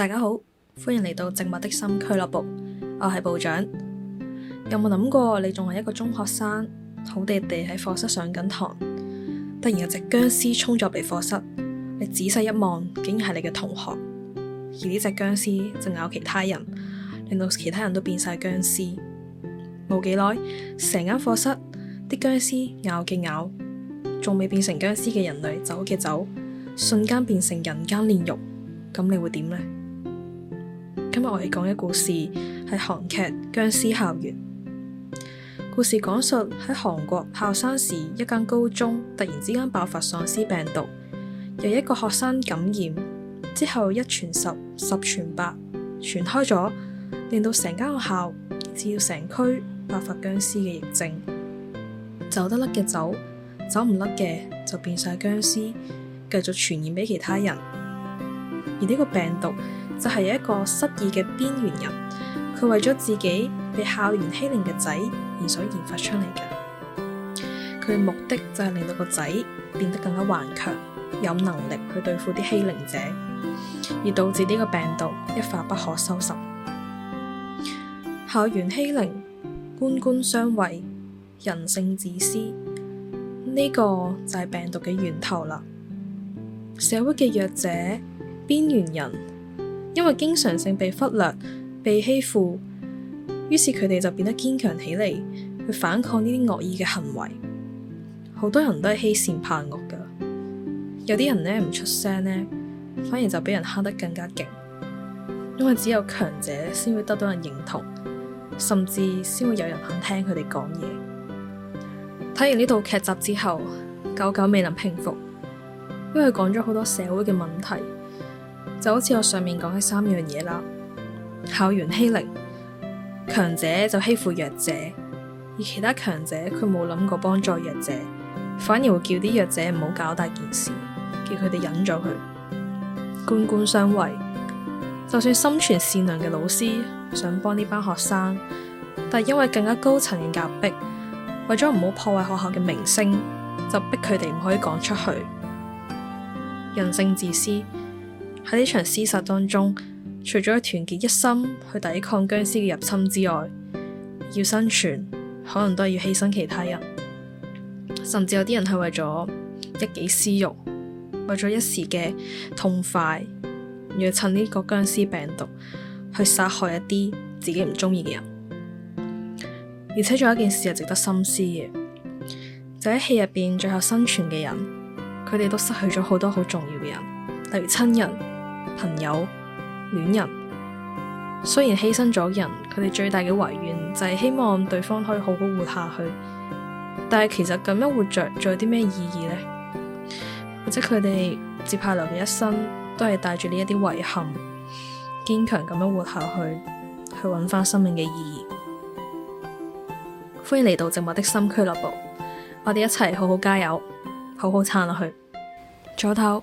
大家好，歡迎嚟到寂寞的心俱樂部。我係部長。有冇諗過？你仲係一個中學生，好地地喺課室上緊堂，突然有隻殭屍衝咗入嚟課室。你仔細一望，竟然係你嘅同學。而呢隻殭屍就咬其他人，令到其他人都變晒殭屍。冇幾耐，成間課室啲殭屍咬嘅咬，仲未變成殭屍嘅人類走嘅走，瞬間變成人間煉獄。咁你會點呢？今日我哋講嘅故事係韓劇《殭屍校園》。故事講述喺韓國孝山市，一間高中突然之間爆發喪屍病毒，由一個學生感染之後，一傳十，十傳百，傳開咗，令到成間學校，甚至成區爆發殭屍嘅疫症。走得甩嘅走，走唔甩嘅就變晒殭屍，繼續傳染畀其他人。而呢個病毒就係一個失意嘅邊緣人，佢為咗自己被校園欺凌嘅仔而所研發出嚟嘅。佢嘅目的就係令到個仔變得更加頑強，有能力去對付啲欺凌者，而導致呢個病毒一發不可收拾。校園欺凌，官官相衛，人性自私，呢、這個就係病毒嘅源頭啦。社會嘅弱者。邊緣人，因為經常性被忽略，被欺負，於是佢哋就變得堅強起嚟，去反抗呢啲惡意嘅行為。好多人都係欺善怕惡㗎，有啲人呢唔出聲呢，反而就俾人蝦得更加勁。因為只有強者先會得到人認同，甚至先會有人肯聽佢哋講嘢。睇完呢套劇集之後，久久未能平復，因為佢講咗好多社會嘅問題。就好似我上面講嘅三樣嘢啦，校園欺凌，強者就欺負弱者，而其他強者佢冇諗過幫助弱者，反而會叫啲弱者唔好搞大件事，叫佢哋忍咗佢。官官相衛，就算心存善良嘅老師想幫呢班學生，但因為更加高層嘅夾逼，為咗唔好破壞學校嘅名聲，就逼佢哋唔可以講出去。人性自私。喺呢場廝殺當中，除咗團結一心去抵抗僵屍嘅入侵之外，要生存可能都係要犧牲其他人，甚至有啲人係為咗一己私欲，為咗一時嘅痛快，要趁呢個僵屍病毒去殺害一啲自己唔中意嘅人。而且仲有一件事係值得深思嘅，就喺戲入邊最後生存嘅人，佢哋都失去咗好多好重要嘅人。例如親人、朋友、戀人，雖然犧牲咗人，佢哋最大嘅遺願就係希望對方可以好好活下去。但係其實咁樣活着，仲有啲咩意義呢？或者佢哋接下嚟嘅一生，都係帶住呢一啲遺憾，堅強咁樣活下去，去揾翻生命嘅意義。歡迎嚟到寂寞的心俱樂部，我哋一齊好好加油，好好撐落去。早唞。